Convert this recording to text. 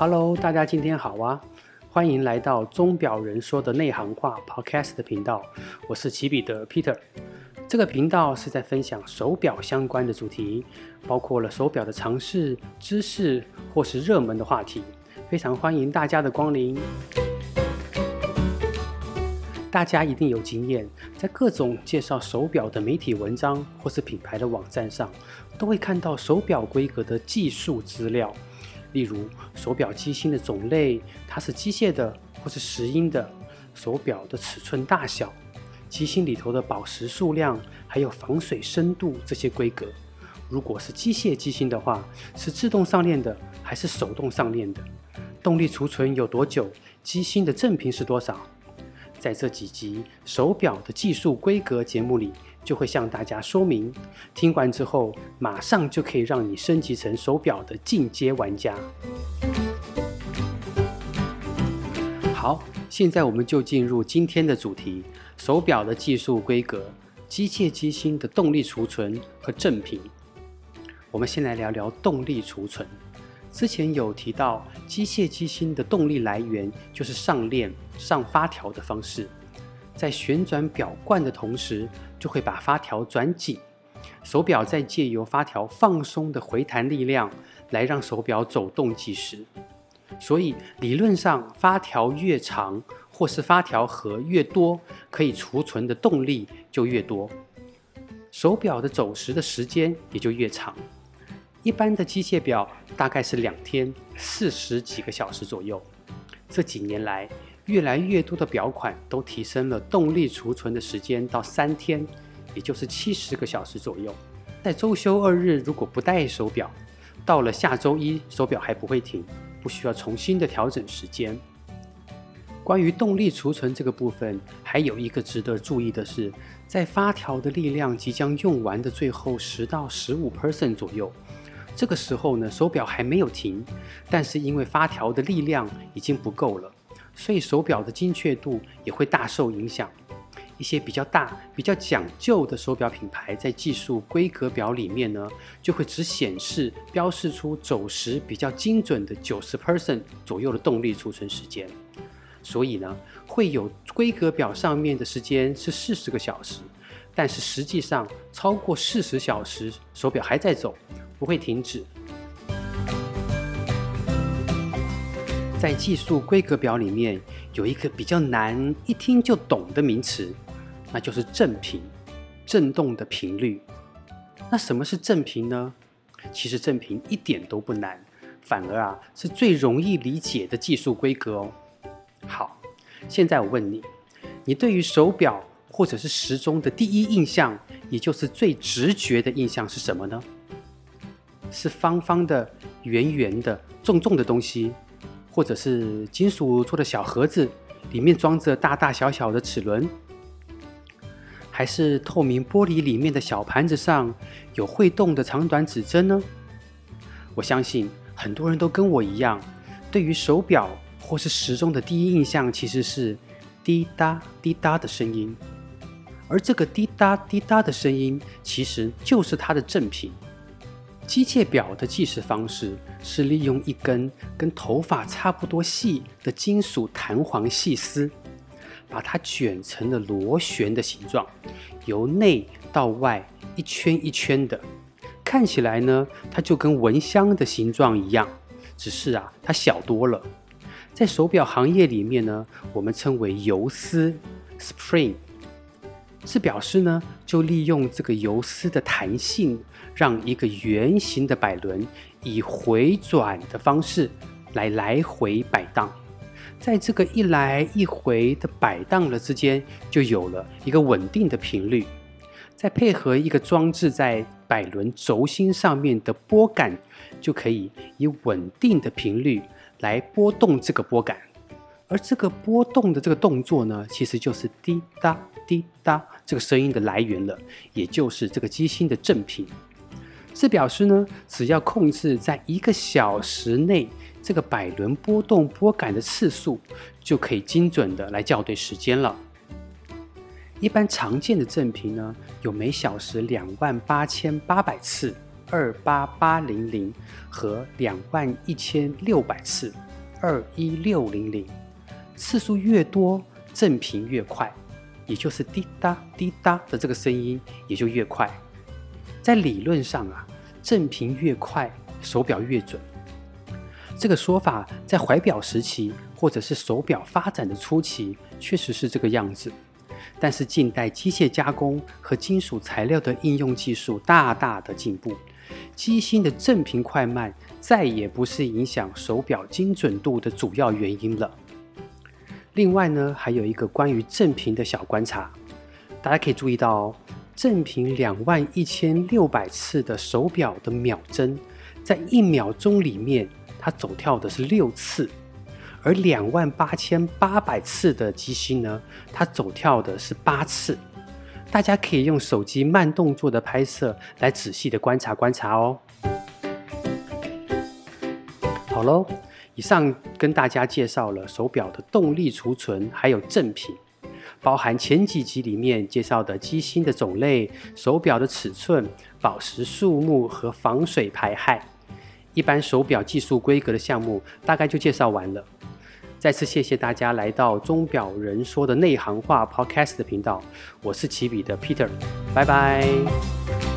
Hello，大家今天好啊！歡迎來到《鐘錶人說的內行話》Podcast 頻道，我是奇彼得 Peter。這個頻道是在分享手錶相關的主題，包括了手錶的常識、知識或是熱門的話題，非常歡迎大家的光臨。大家一定有經驗，在各種介紹手錶的媒體文章或是品牌的網站上，都會看到手錶規格的技術資料。例如，手錶機芯的種類，它是機械的或是石英的；手錶的尺寸大小，機芯裡頭的寶石數量，還有防水深度這些規格。如果是機械機芯的話，是自動上鏈的還是手動上鏈的？動力儲存有多久？機芯的振頻是多少？在這幾集手錶的技術規格節目裡，就會向大家說明，聽完之後馬上就可以讓你升級成手錶的進階玩家。好，現在我們就進入今天的主題：手錶的技術規格、機械機芯的動力儲存和振頻。我們先來聊聊動力儲存。之前有提到，機械機芯的動力來源就是上鏈、上發條的方式。在旋轉錶冠的同時，就會把發條轉緊。手錶再借由發條放鬆的回彈力量，來讓手錶走動計時。所以理論上，發條越長或是發條盒越多，可以儲存的動力就越多，手錶的走時的時間也就越長。一般的機械錶大概是兩天四十幾個小時左右。這幾年來，越來越多的錶款都提升了動力儲存的時間到三天，也就是七十個小時左右。在周休二日如果不戴手錶，到了下周一手錶還不會停，不需要重新的調整時間。關於動力儲存這個部分，還有一個值得注意的是，在發條的力量即將用完的最後十到十五 percent 左右，這個時候呢，手錶還沒有停，但是因為發條的力量已經不夠了。所以手表的精確度也會大受影響。一些比較大、比較講究的手表品牌，在技術規格表裡面呢，就會只顯示標示出走時比較精準的九十 percent 左右的動力儲存時間。所以呢，會有規格表上面的時間是四十個小時，但是實際上超過四十小時，手表還在走，不會停止。在技術規格表裡面有一個比較難一聽就懂的名詞，那就是振頻，振動的頻率。那什麼是振頻呢？其實振頻一點都不難，反而啊是最容易理解的技術規格哦。好，現在我問你，你對於手表或者是時鐘的第一印象，也就是最直覺的印象是什麼呢？是方方的、圓圓的、重重的東西？或者是金屬做的小盒子，裡面裝着大大小小的齒輪，還是透明玻璃裡面的小盤子上有會動的長短指針呢？我相信很多人都跟我一樣，對於手表或是時鐘的第一印象其實是“滴答滴答”的聲音，而這個“滴答滴答”的聲音其實就是它的振頻。機械錶的計時方式是利用一根跟頭髮差不多細的金屬彈簧細絲，把它捲成了螺旋的形狀，由內到外一圈一圈的，看起來呢，它就跟蚊香的形狀一樣，只是啊，它小多了。在手錶行業裡面呢，我們稱為游絲 spring。是表示呢，就利用這個游絲的彈性，讓一個圓形的擺輪以回轉的方式來來回擺盪，在這個一來一回的擺盪了之間，就有了一個穩定的頻率。再配合一個裝置在擺輪軸心上面的撥桿，就可以以穩定的頻率來撥動這個撥桿。而這個波動的這個動作呢，其實就是滴答滴答這個聲音的來源了，也就是這個機芯的振頻。這表示呢，只要控制在一個小時內這個擺輪波動波桿的次數，就可以精準地來校對時間了。一般常見的振頻呢，有每小時兩萬八千八百次（二八八零零）和兩萬一千六百次（二一六零零）。次數越多，振頻越快，也就是滴答滴答的這個聲音也就越快。在理論上啊，振頻越快，手錶越準。這個說法在懷錶時期或者是手錶發展的初期確實是這個樣子。但是近代機械加工和金屬材料的應用技術大大的進步，機芯的振頻快慢再也不是影響手錶精準度的主要原因了。另外呢，還有一個關於震頻的小觀察，大家可以注意到哦，震頻兩萬一千六百次的手表的秒針，在一秒鐘裡面它走跳的是六次，而兩萬八千八百次的機芯呢，它走跳的是八次。大家可以用手機慢動作的拍攝來仔細的觀察觀察哦。好嘍。以上跟大家介紹了手錶的動力儲存，還有振頻，包含前幾集裡面介紹的機芯的種類、手錶的尺寸、寶石數目和防水排氦。一般手錶技術規格的項目大概就介紹完了。再次謝謝大家來到《鐘錶人說的內行話》Podcast 頻道，我是起筆的 Peter，拜拜。